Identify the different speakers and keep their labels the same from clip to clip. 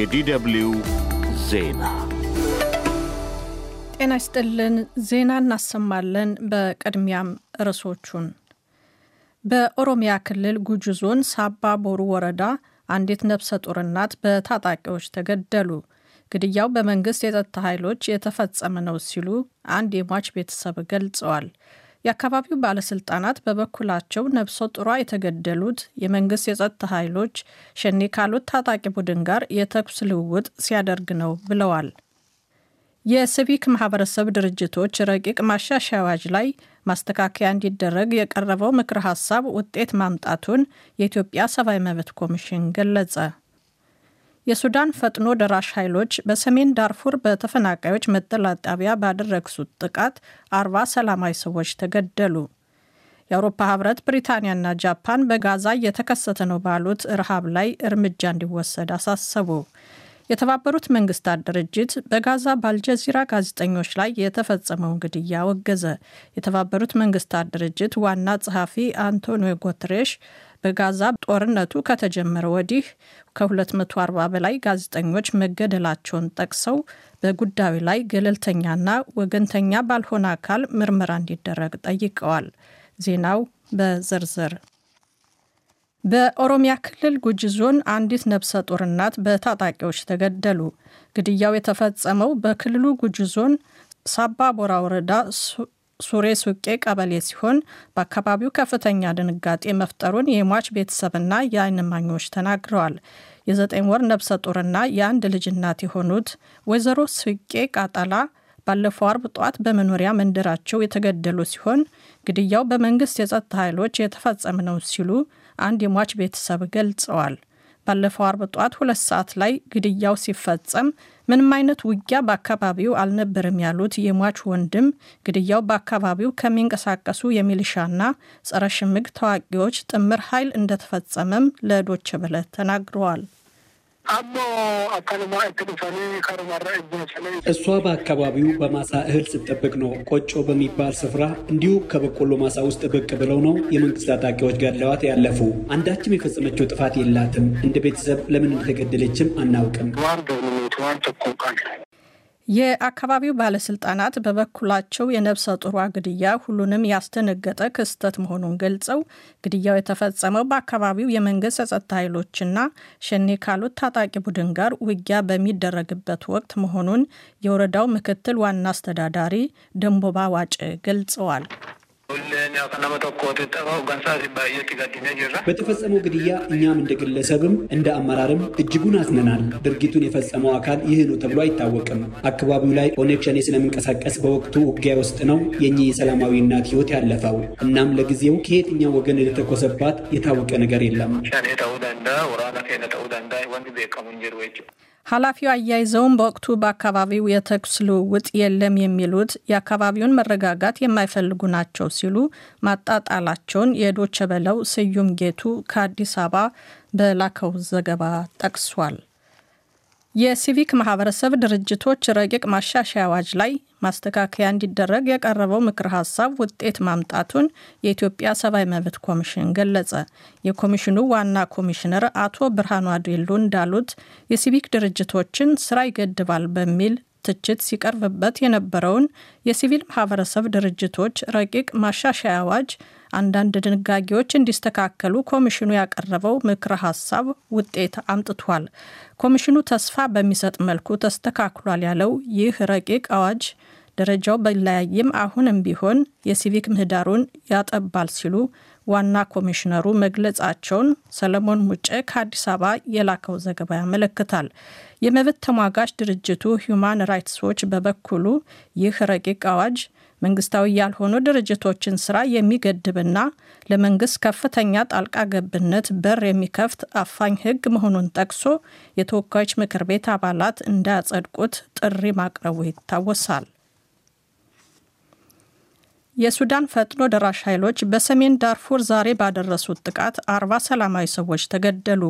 Speaker 1: የዲደብልዩ ዜና ጤና ይስጥልን። ዜና እናሰማለን። በቅድሚያም ርዕሶቹን በኦሮሚያ ክልል ጉጁ ዞን ሳባ ቦሩ ወረዳ አንዲት ነፍሰ ጡርናት በታጣቂዎች ተገደሉ። ግድያው በመንግስት የጸጥታ ኃይሎች የተፈጸመ ነው ሲሉ አንድ የሟች ቤተሰብ ገልጸዋል። የአካባቢው ባለስልጣናት በበኩላቸው ነብሶ ጥሯ የተገደሉት የመንግስት የጸጥታ ኃይሎች ሸኔ ካሉት ታጣቂ ቡድን ጋር የተኩስ ልውውጥ ሲያደርግ ነው ብለዋል። የሲቪክ ማህበረሰብ ድርጅቶች ረቂቅ ማሻሻያ አዋጅ ላይ ማስተካከያ እንዲደረግ የቀረበው ምክረ ሀሳብ ውጤት ማምጣቱን የኢትዮጵያ ሰብአዊ መብት ኮሚሽን ገለጸ። የሱዳን ፈጥኖ ደራሽ ኃይሎች በሰሜን ዳርፉር በተፈናቃዮች መጠለያ ጣቢያ ባደረግሱት ጥቃት አርባ ሰላማዊ ሰዎች ተገደሉ። የአውሮፓ ህብረት፣ ብሪታንያና ጃፓን በጋዛ እየተከሰተ ነው ባሉት ረሃብ ላይ እርምጃ እንዲወሰድ አሳሰቡ። የተባበሩት መንግስታት ድርጅት በጋዛ በአልጀዚራ ጋዜጠኞች ላይ የተፈጸመውን ግድያ ወገዘ። የተባበሩት መንግስታት ድርጅት ዋና ጸሐፊ አንቶኒዮ ጎትሬሽ በጋዛ ጦርነቱ ከተጀመረ ወዲህ ከ240 በላይ ጋዜጠኞች መገደላቸውን ጠቅሰው በጉዳዩ ላይ ገለልተኛና ወገንተኛ ባልሆነ አካል ምርመራ እንዲደረግ ጠይቀዋል። ዜናው በዝርዝር በኦሮሚያ ክልል ጉጂ ዞን አንዲት ነብሰ ጡር እናት በታጣቂዎች ተገደሉ። ግድያው የተፈጸመው በክልሉ ጉጂ ዞን ሳባ ቦራ ወረዳ ሱሬ ሱቄ ቀበሌ ሲሆን በአካባቢው ከፍተኛ ድንጋጤ መፍጠሩን የሟች ቤተሰብና የአይን ማኞች ተናግረዋል። የዘጠኝ ወር ነብሰ ጡርና የአንድ ልጅ እናት የሆኑት ወይዘሮ ሱቄ ቃጠላ ባለፈው አርብ ጠዋት በመኖሪያ መንደራቸው የተገደሉ ሲሆን ግድያው በመንግስት የጸጥታ ኃይሎች የተፈጸመ ነው ሲሉ አንድ የሟች ቤተሰብ ገልጸዋል። ባለፈው አርብ ጠዋት ሁለት ሰዓት ላይ ግድያው ሲፈጸም ምንም አይነት ውጊያ በአካባቢው አልነበረም ያሉት የሟች ወንድም ግድያው በአካባቢው ከሚንቀሳቀሱ የሚሊሻና ጸረ ሽምግ ተዋጊዎች ጥምር ኃይል እንደተፈጸመም ለዶች ብለ ተናግረዋል። እሷ በአካባቢው በማሳ እህል ስትጠብቅ ነው። ቆጮ በሚባል ስፍራ እንዲሁ ከበቆሎ ማሳ ውስጥ ብቅ ብለው ነው የመንግስት ታጣቂዎች ገድለዋት ያለፉ። አንዳችም የፈጸመችው ጥፋት የላትም። እንደ ቤተሰብ ለምን እንደተገደለችም አናውቅም። የአካባቢው ባለስልጣናት በበኩላቸው የነብሰ ጡሯ ግድያ ሁሉንም ያስደነገጠ ክስተት መሆኑን ገልጸው ግድያው የተፈጸመው በአካባቢው የመንግስት የጸጥታ ኃይሎችና ሸኔ ካሉት ታጣቂ ቡድን ጋር ውጊያ በሚደረግበት ወቅት መሆኑን የወረዳው ምክትል ዋና አስተዳዳሪ ደንቦባ ዋጭ ገልጸዋል። በተፈጸመው ግድያ እኛም እንደ ግለሰብም እንደ አመራርም እጅጉን አዝነናል። ድርጊቱን የፈጸመው አካል ይህ ነው ተብሎ አይታወቅም። አካባቢው ላይ ኦነግ ሸኔ ስለምንቀሳቀስ በወቅቱ ውጊያ ውስጥ ነው የኚህ የሰላማዊ እናት ህይወት ያለፈው። እናም ለጊዜው ከየትኛው ወገን እንደተኮሰባት የታወቀ ነገር የለም። ኃላፊው አያይዘውም በወቅቱ በአካባቢው የተኩስ ልውውጥ የለም የሚሉት የአካባቢውን መረጋጋት የማይፈልጉ ናቸው ሲሉ ማጣጣላቸውን የዶቸበለው ስዩም ጌቱ ከአዲስ አበባ በላከው ዘገባ ጠቅሷል። የሲቪክ ማህበረሰብ ድርጅቶች ረቂቅ ማሻሻያ አዋጅ ላይ ማስተካከያ እንዲደረግ የቀረበው ምክር ሀሳብ ውጤት ማምጣቱን የኢትዮጵያ ሰብአዊ መብት ኮሚሽን ገለጸ። የኮሚሽኑ ዋና ኮሚሽነር አቶ ብርሃኑ አዴሎ እንዳሉት የሲቪክ ድርጅቶችን ስራ ይገድባል በሚል ትችት ሲቀርብበት የነበረውን የሲቪል ማህበረሰብ ድርጅቶች ረቂቅ ማሻሻያ አዋጅ አንዳንድ ድንጋጌዎች እንዲስተካከሉ ኮሚሽኑ ያቀረበው ምክረ ሀሳብ ውጤት አምጥቷል። ኮሚሽኑ ተስፋ በሚሰጥ መልኩ ተስተካክሏል ያለው ይህ ረቂቅ አዋጅ ደረጃው ቢለያይም አሁንም ቢሆን የሲቪክ ምህዳሩን ያጠባል ሲሉ ዋና ኮሚሽነሩ መግለጻቸውን ሰለሞን ሙጨ ከአዲስ አበባ የላከው ዘገባ ያመለክታል። የመብት ተሟጋች ድርጅቱ ሂዩማን ራይትስ ዎች በበኩሉ ይህ ረቂቅ አዋጅ መንግስታዊ ያልሆኑ ድርጅቶችን ስራ የሚገድብና ለመንግስት ከፍተኛ ጣልቃ ገብነት በር የሚከፍት አፋኝ ሕግ መሆኑን ጠቅሶ የተወካዮች ምክር ቤት አባላት እንዳያጸድቁት ጥሪ ማቅረቡ ይታወሳል። የሱዳን ፈጥኖ ደራሽ ኃይሎች በሰሜን ዳርፉር ዛሬ ባደረሱት ጥቃት አርባ ሰላማዊ ሰዎች ተገደሉ።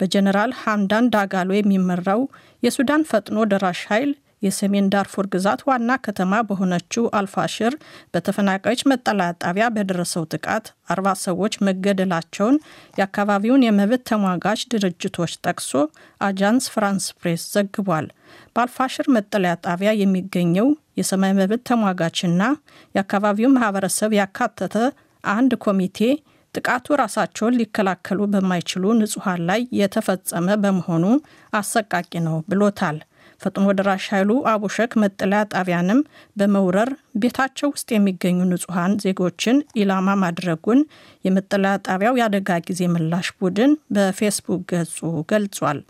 Speaker 1: በጀኔራል ሐምዳን ዳጋሎ የሚመራው የሱዳን ፈጥኖ ደራሽ ኃይል የሰሜን ዳርፉር ግዛት ዋና ከተማ በሆነችው አልፋሽር በተፈናቃዮች መጠለያ ጣቢያ በደረሰው ጥቃት አርባ ሰዎች መገደላቸውን የአካባቢውን የመብት ተሟጋች ድርጅቶች ጠቅሶ አጃንስ ፍራንስ ፕሬስ ዘግቧል። በአልፋሽር መጠለያ ጣቢያ የሚገኘው የሰማይ መብት ተሟጋችና የአካባቢው ማህበረሰብ ያካተተ አንድ ኮሚቴ ጥቃቱ ራሳቸውን ሊከላከሉ በማይችሉ ንጹሐን ላይ የተፈጸመ በመሆኑ አሰቃቂ ነው ብሎታል። ፈጥኖ ደራሽ ኃይሉ አቡሸክ መጠለያ ጣቢያንም በመውረር ቤታቸው ውስጥ የሚገኙ ንጹሐን ዜጎችን ኢላማ ማድረጉን የመጠለያ ጣቢያው የአደጋ ጊዜ ምላሽ ቡድን በፌስቡክ ገጹ ገልጿል።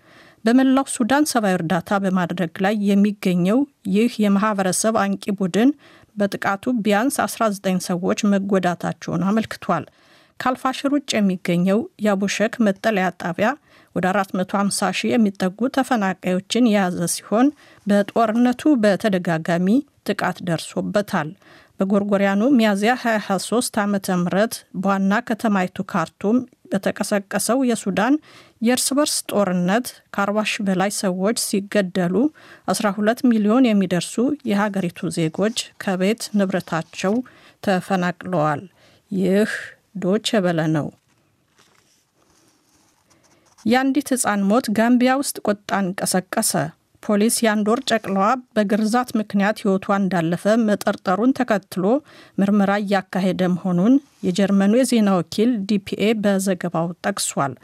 Speaker 1: በመላው ሱዳን ሰብአዊ እርዳታ በማድረግ ላይ የሚገኘው ይህ የማህበረሰብ አንቂ ቡድን በጥቃቱ ቢያንስ 19 ሰዎች መጎዳታቸውን አመልክቷል። ካልፋሽር ውጭ የሚገኘው የአቡሸክ መጠለያ ጣቢያ ወደ 450 ሺህ የሚጠጉ ተፈናቃዮችን የያዘ ሲሆን በጦርነቱ በተደጋጋሚ ጥቃት ደርሶበታል። በጎርጎሪያኑ ሚያዝያ 2023 ዓ ም በዋና ከተማይቱ ካርቱም በተቀሰቀሰው የሱዳን የእርስ በርስ ጦርነት ከ40 ሺህ በላይ ሰዎች ሲገደሉ 12 ሚሊዮን የሚደርሱ የሀገሪቱ ዜጎች ከቤት ንብረታቸው ተፈናቅለዋል። ይህ ዶች በለ ነው። የአንዲት ሕፃን ሞት ጋምቢያ ውስጥ ቁጣን ቀሰቀሰ። ፖሊስ የአንድ ወር ጨቅላዋ በግርዛት ምክንያት ሕይወቷ እንዳለፈ መጠርጠሩን ተከትሎ ምርመራ እያካሄደ መሆኑን የጀርመኑ የዜና ወኪል ዲፒኤ በዘገባው ጠቅሷል።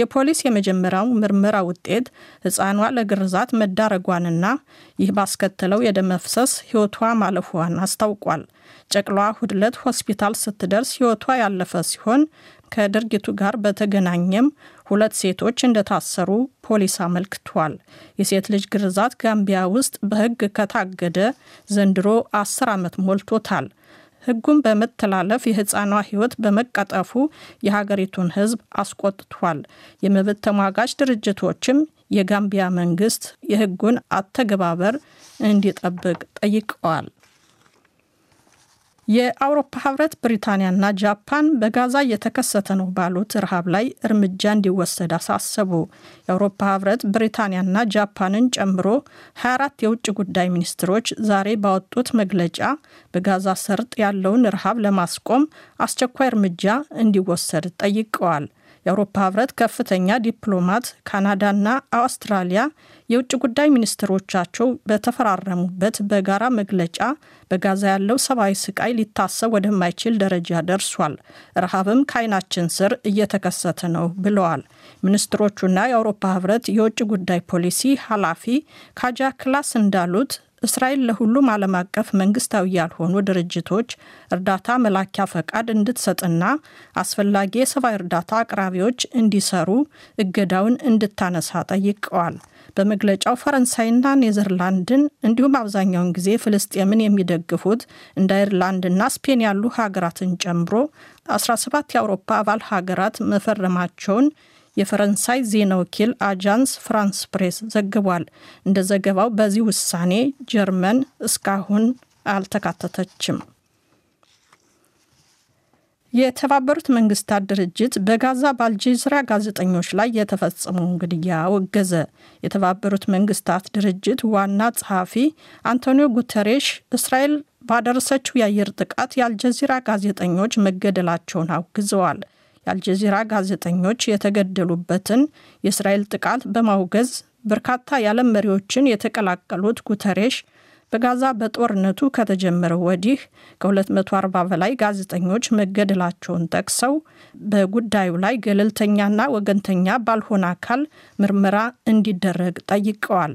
Speaker 1: የፖሊስ የመጀመሪያው ምርመራ ውጤት ህፃኗ ለግርዛት መዳረጓንና ይህ ባስከተለው የደም መፍሰስ ሕይወቷ ማለፏን አስታውቋል። ጨቅሏ ሁድለት ሆስፒታል ስትደርስ ሕይወቷ ያለፈ ሲሆን ከድርጊቱ ጋር በተገናኘም ሁለት ሴቶች እንደታሰሩ ፖሊስ አመልክቷል። የሴት ልጅ ግርዛት ጋምቢያ ውስጥ በሕግ ከታገደ ዘንድሮ አስር ዓመት ሞልቶታል። ሕጉን በመተላለፍ የሕፃኗ ሕይወት በመቀጠፉ የሀገሪቱን ሕዝብ አስቆጥቷል። የመብት ተሟጋች ድርጅቶችም የጋምቢያ መንግስት የሕጉን አተገባበር እንዲጠብቅ ጠይቀዋል። የአውሮፓ ህብረት ብሪታንያና ጃፓን በጋዛ እየተከሰተ ነው ባሉት ረሃብ ላይ እርምጃ እንዲወሰድ አሳሰቡ። የአውሮፓ ህብረት ብሪታንያና ጃፓንን ጨምሮ 24 የውጭ ጉዳይ ሚኒስትሮች ዛሬ ባወጡት መግለጫ በጋዛ ሰርጥ ያለውን ረሃብ ለማስቆም አስቸኳይ እርምጃ እንዲወሰድ ጠይቀዋል። የአውሮፓ ህብረት ከፍተኛ ዲፕሎማት ካናዳና አውስትራሊያ የውጭ ጉዳይ ሚኒስትሮቻቸው በተፈራረሙበት በጋራ መግለጫ በጋዛ ያለው ሰብአዊ ስቃይ ሊታሰብ ወደማይችል ደረጃ ደርሷል፣ ረሃብም ከዓይናችን ስር እየተከሰተ ነው ብለዋል። ሚኒስትሮቹና የአውሮፓ ህብረት የውጭ ጉዳይ ፖሊሲ ኃላፊ ካጃ ክላስ እንዳሉት እስራኤል ለሁሉም ዓለም አቀፍ መንግስታዊ ያልሆኑ ድርጅቶች እርዳታ መላኪያ ፈቃድ እንድትሰጥና አስፈላጊ የሰብአዊ እርዳታ አቅራቢዎች እንዲሰሩ እገዳውን እንድታነሳ ጠይቀዋል። በመግለጫው ፈረንሳይና ኔዘርላንድን እንዲሁም አብዛኛውን ጊዜ ፍልስጤምን የሚደግፉት እንደ አይርላንድና ስፔን ያሉ ሀገራትን ጨምሮ 17 የአውሮፓ አባል ሀገራት መፈረማቸውን የፈረንሳይ ዜና ወኪል አጃንስ ፍራንስ ፕሬስ ዘግቧል። እንደ ዘገባው በዚህ ውሳኔ ጀርመን እስካሁን አልተካተተችም። የተባበሩት መንግስታት ድርጅት በጋዛ በአልጀዚራ ጋዜጠኞች ላይ የተፈጸመውን ግድያ ወገዘ። የተባበሩት መንግስታት ድርጅት ዋና ጸሐፊ አንቶኒዮ ጉተሬሽ እስራኤል ባደረሰችው የአየር ጥቃት የአልጀዚራ ጋዜጠኞች መገደላቸውን አውግዘዋል። የአልጀዚራ ጋዜጠኞች የተገደሉበትን የእስራኤል ጥቃት በማውገዝ በርካታ የዓለም መሪዎችን የተቀላቀሉት ጉተሬሽ በጋዛ በጦርነቱ ከተጀመረ ወዲህ ከ240 በላይ ጋዜጠኞች መገደላቸውን ጠቅሰው በጉዳዩ ላይ ገለልተኛና ወገንተኛ ባልሆነ አካል ምርመራ እንዲደረግ ጠይቀዋል።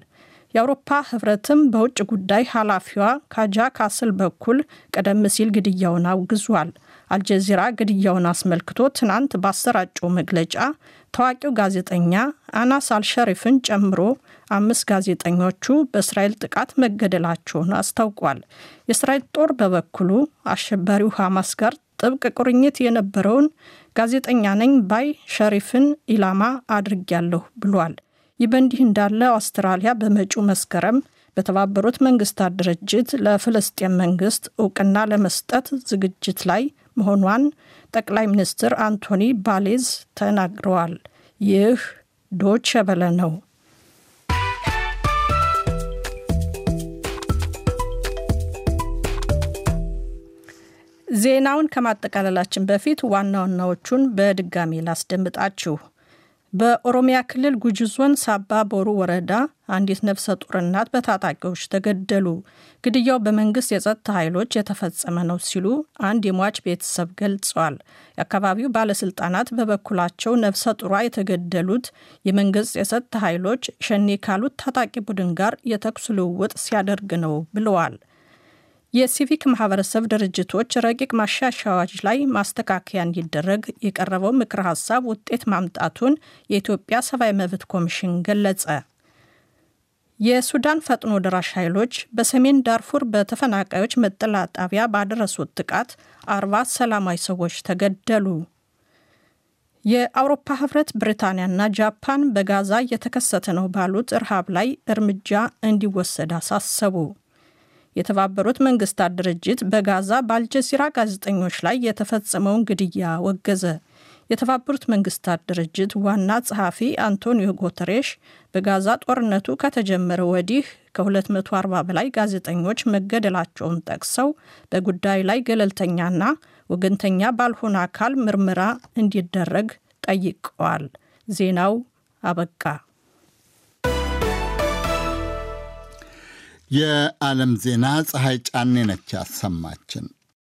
Speaker 1: የአውሮፓ ህብረትም በውጭ ጉዳይ ኃላፊዋ ካጃ ካስል በኩል ቀደም ሲል ግድያውን አውግዟል። አልጀዚራ ግድያውን አስመልክቶ ትናንት ባሰራጨው መግለጫ ታዋቂው ጋዜጠኛ አናስ አልሸሪፍን ጨምሮ አምስት ጋዜጠኞቹ በእስራኤል ጥቃት መገደላቸውን አስታውቋል። የእስራኤል ጦር በበኩሉ አሸባሪው ሐማስ ጋር ጥብቅ ቁርኝት የነበረውን ጋዜጠኛ ነኝ ባይ ሸሪፍን ኢላማ አድርጊያለሁ ብሏል። ይህ በእንዲህ እንዳለ አውስትራሊያ በመጪው መስከረም በተባበሩት መንግስታት ድርጅት ለፍልስጤም መንግስት እውቅና ለመስጠት ዝግጅት ላይ መሆኗን ጠቅላይ ሚኒስትር አንቶኒ ባሌዝ ተናግረዋል። ይህ ዶች በለ ነው። ዜናውን ከማጠቃለላችን በፊት ዋና ዋናዎቹን በድጋሚ ላስደምጣችሁ። በኦሮሚያ ክልል ጉጂ ዞን ሳባ ቦሩ ወረዳ አንዲት ነፍሰ ጡር እናት በታጣቂዎች ተገደሉ። ግድያው በመንግስት የጸጥታ ኃይሎች የተፈጸመ ነው ሲሉ አንድ የሟች ቤተሰብ ገልጸዋል። የአካባቢው ባለስልጣናት በበኩላቸው ነፍሰ ጡሯ የተገደሉት የመንግስት የጸጥታ ኃይሎች ሸኔ ካሉት ታጣቂ ቡድን ጋር የተኩስ ልውውጥ ሲያደርግ ነው ብለዋል። የሲቪክ ማህበረሰብ ድርጅቶች ረቂቅ ማሻሻያዎች ላይ ማስተካከያ እንዲደረግ የቀረበው ምክር ሀሳብ ውጤት ማምጣቱን የኢትዮጵያ ሰብአዊ መብት ኮሚሽን ገለጸ። የሱዳን ፈጥኖ ደራሽ ኃይሎች በሰሜን ዳርፉር በተፈናቃዮች መጠለያ ጣቢያ ባደረሱት ጥቃት አርባ ሰላማዊ ሰዎች ተገደሉ። የአውሮፓ ህብረት ብሪታንያና ጃፓን በጋዛ እየተከሰተ ነው ባሉት ረሃብ ላይ እርምጃ እንዲወሰድ አሳሰቡ። የተባበሩት መንግስታት ድርጅት በጋዛ በአልጀሲራ ጋዜጠኞች ላይ የተፈጸመውን ግድያ ወገዘ። የተባበሩት መንግስታት ድርጅት ዋና ጸሐፊ አንቶኒዮ ጉተሬሽ በጋዛ ጦርነቱ ከተጀመረ ወዲህ ከ240 በላይ ጋዜጠኞች መገደላቸውን ጠቅሰው በጉዳዩ ላይ ገለልተኛና ወገንተኛ ባልሆነ አካል ምርመራ እንዲደረግ ጠይቀዋል። ዜናው አበቃ። የዓለም ዜና ፀሐይ ጫኔ ነች ያሰማችን።